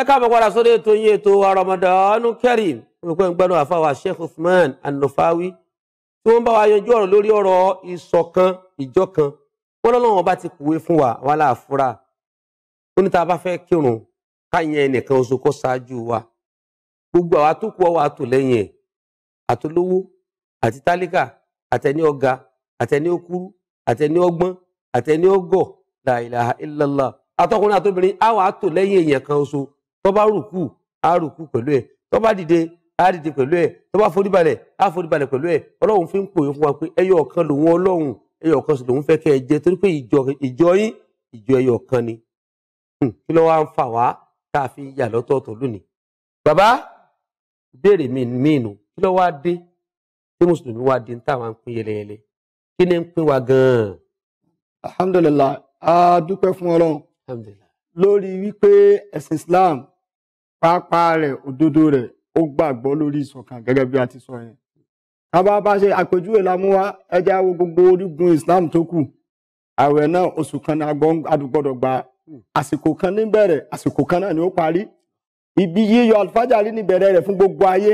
ẹ káàbọ̀ padà sórí ètò yín ètò wa Ramadan Kareem olùkọ́ ìgbẹ́nu àfàwà Sheikh Uthman An-Nafawi tí wọ́n bá wa yanjú ọ̀rọ̀ lórí ọ̀rọ̀ ìṣọ̀kan ìjọkan wọn lọ́lọ́wọ́n bá ti kúwe fún wa wà láàfúrà ó ní tá a bá fẹ́ kírun káyẹn ẹnìkan oṣù kó ṣáájú wa gbogbo àwa tó kú ọwọ́ àtò lẹ́yìn ẹ̀ àtolówó àti tálíkà àtẹni ọ̀gá àtẹni òkúrú àtẹni ọgbọ́n àtẹni ọgọ̀ la ilaha illallah àtọkùnrin àtobìnrin àwọn àtò lẹ́yìn èèyàn kan oṣù tó bá rùkù á rùkù pẹ̀lú ẹ̀ tó bá dìde á dìde pẹ̀lú ẹ̀ tó bá foríbalẹ̀ á foríbalẹ̀ pẹ̀lú ẹ̀ ọlọ́run fi ń pòye fún wa pé ẹyọ ọ̀kan lòun ọlọ́run ẹyọ ọ̀kan sì lòun fẹ́ kẹ́ ẹ jẹ torí pé ìjọ yín ìjọ ẹyọ ọ̀kan ni hmm, kí ló wá ń fà wá tá a fi yà lọ́tọ̀ọ̀tọ̀ lónìí bàbá béèrè mi nù kí ló wá tí mùsùlùmí wá di táwọn ń pín yẹlẹyẹlẹ kí ni ń pín wa gan-an. alhamdulilayi a dúpẹ́ fún ọlọ́run lórí wípé ẹ̀sìn islam pàápàá rẹ òdodo rẹ ó gbàgbọ́ lórí ìṣọ̀kan gẹ́gẹ́ bí a ti sọ yẹn tábà bá ṣe àpèjúwe la mú ẹjẹ àwọn gbogbo orígun Islam tó kù ààwẹ̀ náà oṣù kan ní agbọn adùgbọdọ gba àsìkò kan ní bẹ̀rẹ̀ àsìkò kan náà ni ó parí ibi yíyọ alifájàrí ní bẹ̀rẹ̀ fún gbogbo ayé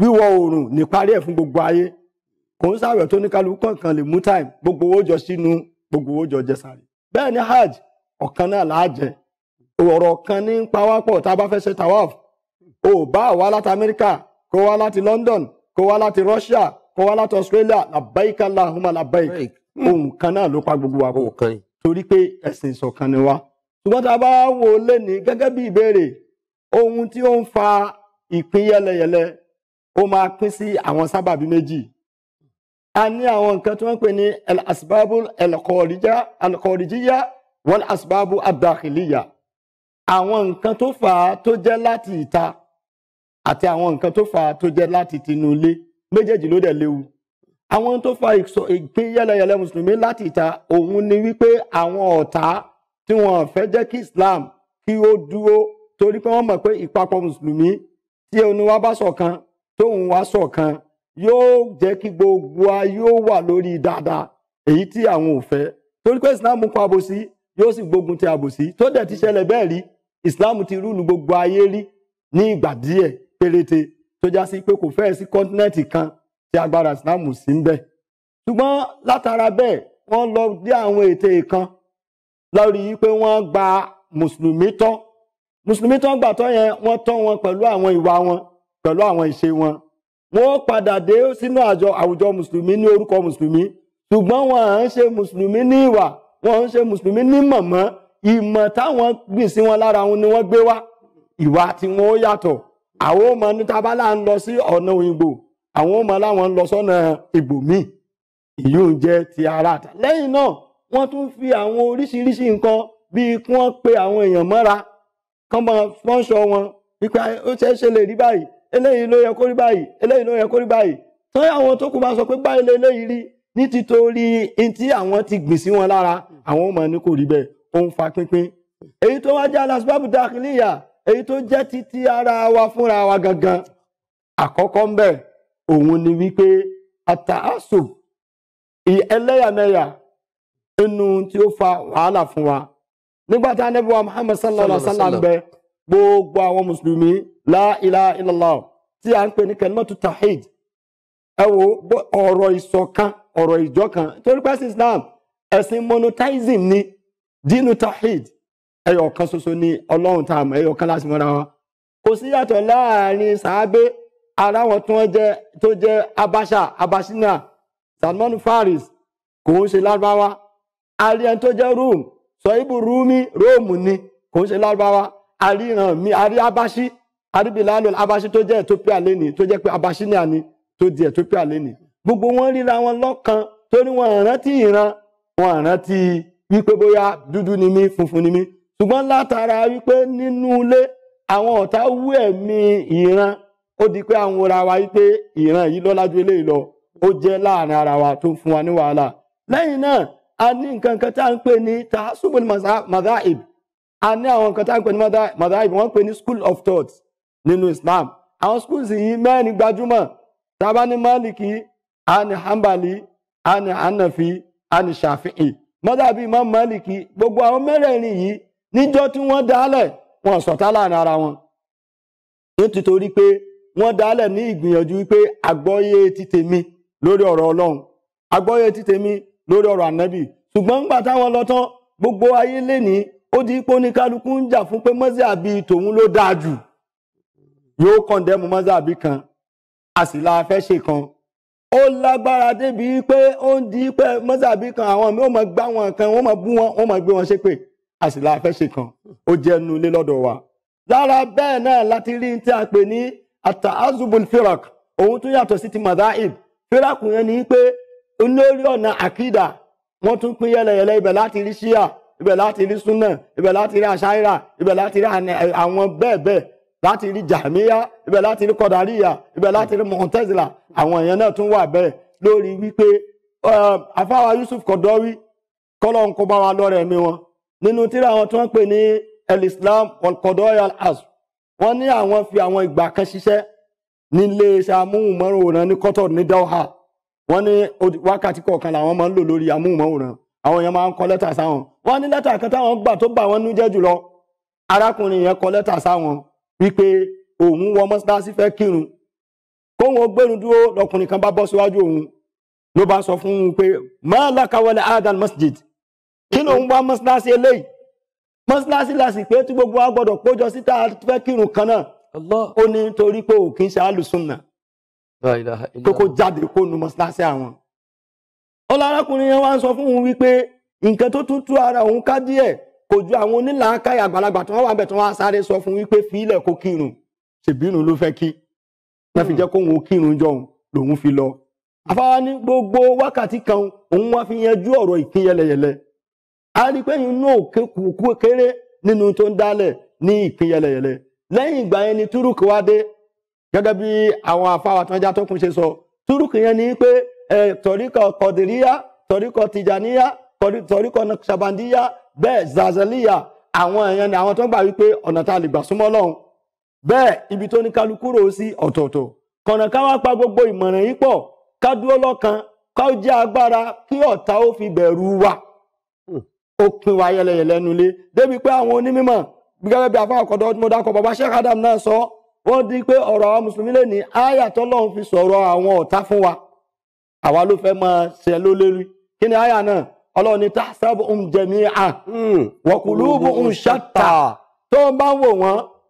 wíwọ̀ oòrùn ní parí ẹ̀ fún gbogbo ayé kò ń sàwẹ̀ tó ní kálukú kọ̀ọ̀kan lè mú time gbogbo owó jọ sínú gbogbo owó jọ jẹ sáré bẹ́ẹ̀ ni hajj ọ̀kan náà làá jẹ ọ̀rọ̀ kan ní pawápọ̀ tá a bá fẹ́ ṣe tawaf ò bá wá láti amẹ́ríkà kó wá láti london kó wá láti russia kó wá láti australia labaika lahuma labaik ohun kan náà ló pa gbogbo wa pọ̀ torí pé ẹ̀sìn ìṣọ̀kan ni wa ṣùgbọ́n tá a bá wò ó lé ní gẹ́gẹ́ bí ìbéèrè ohun tí ó ń fa ìpín yẹlẹyẹlẹ ó máa pín sí àwọn sábàbí méjì a ní àwọn nǹkan tí wọ́n ń pè ní al asbabu al kọ̀ọ̀rìjíyá wal asbabu abdakiliya. Al àwọn nǹkan tó fà á tó jẹ́ láti ìta àti àwọn nǹkan tó fà á tó jẹ́ láti tinú ilé méjèèjì ló dẹ̀ léwu àwọn tó fa ìpín yẹlẹyẹlẹ mùsùlùmí láti ìta òun ni wípé àwọn ọ̀tá tí wọ́n fẹ́ jẹ́ kí Islam kí ó dúró torí pé wọ́n mọ̀ pé ìpapọ̀ mùsùlùmí tí oníwà bá ṣọ̀kan tóun wá ṣọ̀kan yóò jẹ́ kí gbogbo wa yóò wà lórí dáadáa èyí tí àwọn ò fẹ́ torí pé Islam kọ àbòsí yóò sì gbógun ti àbòsí tó dẹ̀ ti ṣẹlẹ̀ bẹ́ẹ̀ rí islam ti rúlu gbogbo ayé rí ní ìgbà díẹ̀ péréte tó já sí pé kò fẹ́ẹ̀ sí kọ́ńtínẹ́ẹ̀tì kan tí agbára islam sí ń bẹ ṣùgbọ́n látara bẹ́ẹ̀ wọ́n lọ dé àwọn ète kan lórí pé wọ́n gba mùsùlùmí tọ́ mùsùlùmí tọ́ gbà tọ́ yẹn wọ́n tọ́ wọn pẹ̀lú àwọn ìwà wọn pẹ̀lú àwọn ìṣe wọn wọ́n padà dé sínú àjọ àwùjọ mùsùlùmí ní orúkọ mùsùlùmí ṣùgbọ́n wọn à ń ṣe mùsùlùmí ní ìwà wọn à ń ṣe mùsùlùmí ní mọ̀mọ́ ìmọ̀ táwọn gbìn sí wọn lára wọn ni wọ́n gbé wá ìwà tí wọn ó yàtọ̀ àwọn ọmọ ní tábàlà ń lọ sí ọ̀nà òyìnbó àwọn ọmọ láwọn ń lọ sọ́nà ìbòmíì ìyóò jẹ́ ti ara àtà lẹ́yìn náà wọ́n tún fi àwọn oríṣiríṣi nǹkan bíi kí wọ́n pe àwọn èèyàn mọ́ra kán máa fọ́nṣọ wọn wípé ó ṣeé ṣe lè rí báyìí eléyìí ló yẹ kó rí báyìí eléyìí ló yẹ kó rí báyìí tán àwọn tó kù máa sọ pé báyìí lè léyìí rí ní títorí ntí àwọn ti gbìn sí wọn lára àwọn ọmọ ní kò rí bẹ́ẹ̀ ó ń fa pínpín èyí tó wá jẹ́ alasibabu Eyi èyí tó jẹ́ títí ara wa fúnra wa gangan àkọ́kọ́ ń bẹ̀ òun ni wípé àtàásù ẹlẹ́yàmẹ̀yà nínú tí ó fa wàhálà fún wa nígbà tá a nẹ́bí wa Muhammad sallallahu alaihi wa sallam bẹ gbogbo àwọn mùsùlùmí la ilaha illallah tí a ń pè ní kalimatu tawhid ẹ wo ọ̀rọ̀ ìṣọ̀kan ọ̀rọ̀ kan. torí pé Islam ẹ̀sìn ni. dínú tahid ẹyọ kan ṣoṣo ni ọlọ́run tá a mọ̀ ẹyọ kan láti mọ́ra wọn kò sí yàtọ̀ láàrin sàábé ara wọn tó jẹ́ tó jẹ́ abasha abashina salman faris kò ń ṣe lárúbáwá àríyàn tó jẹ́ rome sọ ibu rumi rome ni kò ń ṣe lárúbáwá àríyàn mi àrí abashi àríbìlálò abashi tó jẹ́ ethiopia lẹ́ni tó jẹ́ pé abashina ni tó di ethiopia lẹ́ni gbogbo wọn ríra wọn lọ́kan torí wọn rántí ìran wọn rántí wípé bóyá dúdú ni mí funfun ni mí ṣùgbọ́n látara wípé nínú ilé àwọn ọ̀tá wú ẹ̀mí ìran ó di pé àwọn ora wa wípé ìran yìí lọ́lájú eléyìí lọ ó jẹ́ láàrin ara wa tó ń fún wa ní wàhálà lẹ́yìn náà a ní nǹkan kan tá à ń pè ní tahasubul madhaib a ní àwọn nǹkan tá à ń pè ní madhaib wọ́n pè ní school of thought nínú Islam àwọn schools yìí mẹ́rin gbajúmọ̀ tá a bá ní Maliki a Hanbali a ní Hanafi a Shafi'i mọ́dàbí Imam Málìkì gbogbo àwọn mẹ́rẹ̀ẹ̀rin yìí níjọ́ tí wọ́n dálẹ̀ wọn ṣọ̀tá láàrin ara wọn nítorí pé wọ́n dálẹ̀ ní ìgbìyànjú pé àgbọ́yé ti tèmi lórí ọ̀rọ̀ Ọlọ́run àgbọ́yé ti tèmi lórí ọ̀rọ̀ ànábì ṣùgbọ́n ńgbà táwọn lọ tán gbogbo ayé lẹ́ni ó di pé oníkálukú ń jà fún pé mọ́sí àbí tòun ló dáa jù yóò kọ̀ndẹ́mu mọ́sí àbí kan àsìlá afẹ́ ṣe kan ó lágbára débi pé ó ń di pé mọ́sàbí kan àwọn mi ó mọ gbá wọn kan wọ́n mọ bú wọn wọ́n mọ gbé wọn ṣépè a sì la fẹ́ ṣe kan ó jẹ́ nu ilé lọ́dọ̀ wa. lára bẹ́ẹ̀ náà láti rí tí a pè ní atahazubul firak òun tún yàtọ̀ sí ti madhaib firak yẹn ni pé olórí ọ̀nà àkídà wọ́n tún pín yẹlẹyẹlẹ ibẹ̀ láti rí ṣíà ibẹ̀ láti rí súnà ibẹ̀ láti rí àṣàyíra ibẹ̀ láti rí àwọn bẹ́ẹ̀ bẹ́ẹ̀ láti rí jàmíyá ibẹ̀ láti rí kọ̀dáríyà ibẹ̀ láti rí mọ̀tẹ́zìlá àwọn èèyàn náà tún wà bẹ́ẹ̀ lórí wípé afáwa Yusuf Kọdọrí kọlọ ń kó bá wa lọrẹ mi wọn nínú tíra àwọn tí wọ́n pè ní el-Islam wal-Qadaya al-Asr wọ́n ní àwọn fi àwọn ìgbà kan ṣiṣẹ́ nílé iṣẹ́ amóhùnmáwòrán ní Qatar ní Doha wọ́n ní wákàtí kọ̀ọ̀kan làwọn máa ń lò lórí amóhùnmáwòrán àwọn èèyàn máa ń kọ lẹ́tà sáwọn wọ́n ní lẹ́tà kan táwọn gbà tó bà wọ́n nú jùlọ arákùnrin yẹn kọ lẹ́tà sáwọn wípé òun wọ mọ́sálásí fẹ́ kírun kóhun gbẹ́nu dúró lọkùnrin kan bá bọ́ síwájú òun ló bá sọ fún un pé máa adal masjid kí ló ń wá mọ́sálásí eléyìí mọ́sálásí láti pé tí gbogbo wa kpojọ síta fẹ́ kírun kan náà ó ní torí pé òkín ṣe tó kó jáde kó nu wípé nǹkan tó tún tú ara òun ká díẹ̀ kò ju àwọn onílàákàyà àgbàlagbà tí wọ́n wà bẹ̀ tí wọ́n sáré sọ fún wípé fi ilẹ̀ náà fi jẹ́ kóhun kírun jọhun lòun fi lọ afáwa ní gbogbo wákàtí kan òun wá fi yanjú ọ̀rọ̀ ìpín yẹlẹyẹlẹ a rí i pé inú òkè kù kéré nínú tó ń dálẹ̀ ní ìpín yẹlẹyẹlẹ lẹ́yìn ni túrùkù wá dé gẹ́gẹ́ bí àwọn afáwa tó ń já tó kún ṣe sọ túrùkù ni pé tọ̀ríkọ̀ kọ̀dìríyá tọ̀ríkọ̀ tìjàníyá tọ̀ríkọ̀ ṣàbàndíyá bẹ́ẹ̀ zazaliya àwọn èèyàn ni àwọn tó ń gbà wípé ọ̀nà tá a lè gbà súnmọ́ Ọlọ́run bẹ́ẹ̀ ibi tó ní kálukú rò sí ọ̀tọ̀ọ̀tọ̀ kọ̀nà ká wá pa gbogbo ìmọ̀ràn yìí pọ̀ ká dúró lọ́kan ká jẹ́ agbára kí ọ̀tá ó fi bẹ̀rù wa hmm. ó pin wa yẹlẹyẹlẹ nulẹ̀ débi pé àwọn onímọ̀ gẹ́gẹ́ bí afáwọn ọ̀kọ̀dọ̀ mo dákọ̀ bàbá Sheikh Adam náà sọ wọ́n di pé ọ̀rọ̀ àwọn mùsùlùmí lè ní àyà fi sọ̀rọ̀ àwọn ọ̀tá fún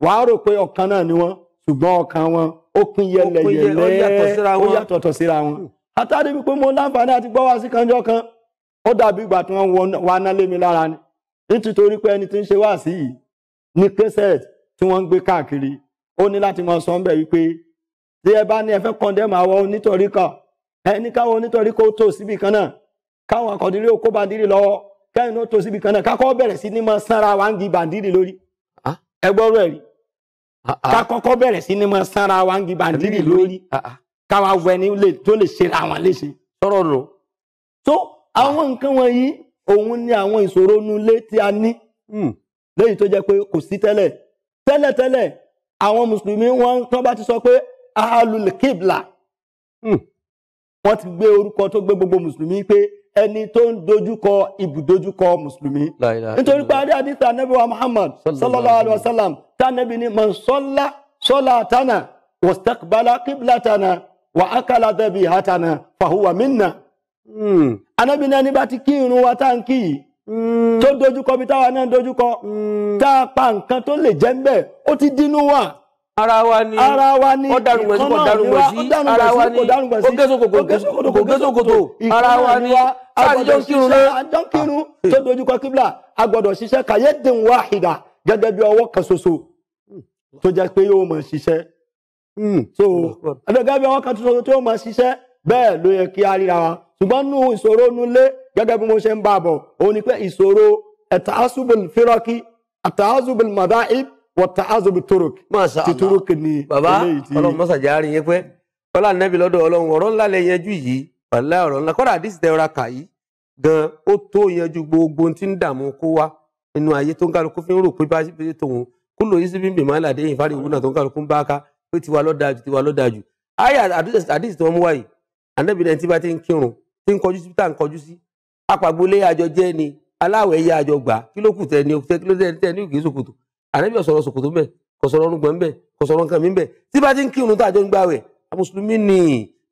wàá rò pé ọ̀kan náà ni wọ́n ṣùgbọ́n ọ̀kan wọn ó pín yẹlẹyẹlẹ ó síra wọn. wípé mo láǹfààní àti gbọ́ wá sí kanjọ́ kan ó dàbí ìgbà tí wọ́n wà ná mi lára ni nítorí pé ẹni tí ń wá sí yìí ní kẹsẹ̀t tí wọ́n ń gbé káàkiri ó ní láti sọ ń bẹ̀ wípé ẹ bá ní ẹ kọ́ndẹ́mù àwọn onítorí kan Ah, ah. ká kọ́kọ́ bẹ̀rẹ̀ sí ni mo sanra wa ń gi bàǹdírì lórí ah, káwa wọ ẹni tó lè ṣe ra wọn léṣe. sọ̀rọ̀ lọ. tó àwọn nǹkan wọ̀nyí òun ni àwọn ìṣòro nulẹ̀ tí a ní hmm. lẹ́yìn tó jẹ́ pé kò sí tẹ́lẹ̀ tẹ́lẹ̀tẹ́lẹ̀ àwọn mùsùlùmí wọn tó bá ti sọ pé ahalul kibla hmm. wọ́n ti gbé orúkọ tó gbé gbogbo mùsùlùmí pé ẹni tó ń dojúkọ ibùdojúkọ mùsùlùmí nítorí pé adé àdìsá anabi wa muhammad sallallahu alayhi wa sallam hmm. tànàbí ni mọ̀nsọ́lá sọ́lá tánà wọ́sítàkbálá kíbla tánà wà ákàlà dẹ́bi ìhà tánà fàhùwà mínà. anabi náà ní bá ti kí irun wa tá à kí yìí hmm. tó dojúkọ bí táwa náà dojúkọ hmm. tá a pa nǹkan tó lè jẹ́ ń bẹ̀ ó ti dínú wà ara wa ni ara wa ni ọdarùngbọ̀n sí ọdarùngbọ̀n sí ara wa ni ògésòkòtò ara wa ni àtijọ́ kírun náà. àjọ kírun tó dojúkọ kíbla a gbọ́dọ̀ ṣiṣẹ́ kàyédè ń wá ìdá gẹ́gẹ́ bí ọwọ́ kan ṣoṣo hmm. tó jẹ́ pé yóò máa ṣiṣẹ́. Hmm. so gẹ́gẹ́ bí ọwọ́ kan ṣoṣo tó máa ṣiṣẹ́ bẹ́ẹ̀ ló yẹ kí a ríra wa ṣùgbọ́n nù ìṣòro nulẹ̀ gẹ́gẹ́ bí mo ṣe ń bá a bọ̀ òun ni pé ìṣòro ẹ̀tàásùbùl fírọ́kì ẹ̀tàásùbùl màdáìb wọ̀tá azobi torok ti torok ni baba ti. bàbá ọlọ́run mọ́sá járe yẹn pé ọlá nẹ́bí lọ́dọ̀ ọlọ́run ọ̀rọ̀ ńlá lè yanjú yìí ọ̀lá ọ̀rọ̀ ńlá kọ́dà àdìsí tẹ́ra kà yìí gan ó tó yanjú gbogbo tí ń dààmú kó wá nínú ayé tó ń kálukú fi ń rò pé bá ṣe tòun kó lóyún síbi ń bèèmọ́ àlàdé yìí fárí ìwúnà tó ń kálukú ń bá ká pé tiwa ló dáa tiwa ló dáa jù ayé àdìsí tí wọ́n mú wáyìí ànábì lẹ́yìn tí bá ti ń kírun tí ń kọjú sí tá à ń kọjú sí apàgbólé àjọ ni aláwẹ̀ yá àjọ gbà kí ni tẹ́ kí ló tẹ́ òkè sòkòtò ànábì ọ̀sọ̀rọ̀ sòkòtò mbẹ kọ̀sọ̀rọ̀ ọ̀rùngbọ̀n mbẹ kọ̀sọ̀rọ̀ nǹkan mi mbẹ tí bá ti ń kírun tó àjọ ń gbà wẹ̀ mùsùlùmí ni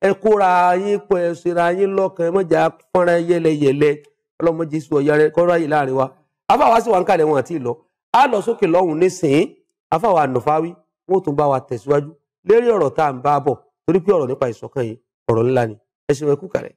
ẹ kóra yín pọ̀ ẹ ṣera yín lọ́kàn ẹ mọ̀jà fọ́nra yẹlẹyẹlẹ ọlọ́mọ jésù ọ̀yà rẹ kọ́ra yìí láàrin wa afáwa sì wà ń kalẹ̀ wọn àti ìlọ á lọ sókè lọ́hùn nísìnyí afáwa ànàfáwí wọn ò tún bá wa tẹ̀síwájú lérí ọ̀rọ̀ tá à ń bá bọ̀ torí pé ọ̀rọ̀ nípa ìṣọ̀kan yìí ọ̀rọ̀ ńlá ni ẹ ṣe wọn kú kalẹ̀.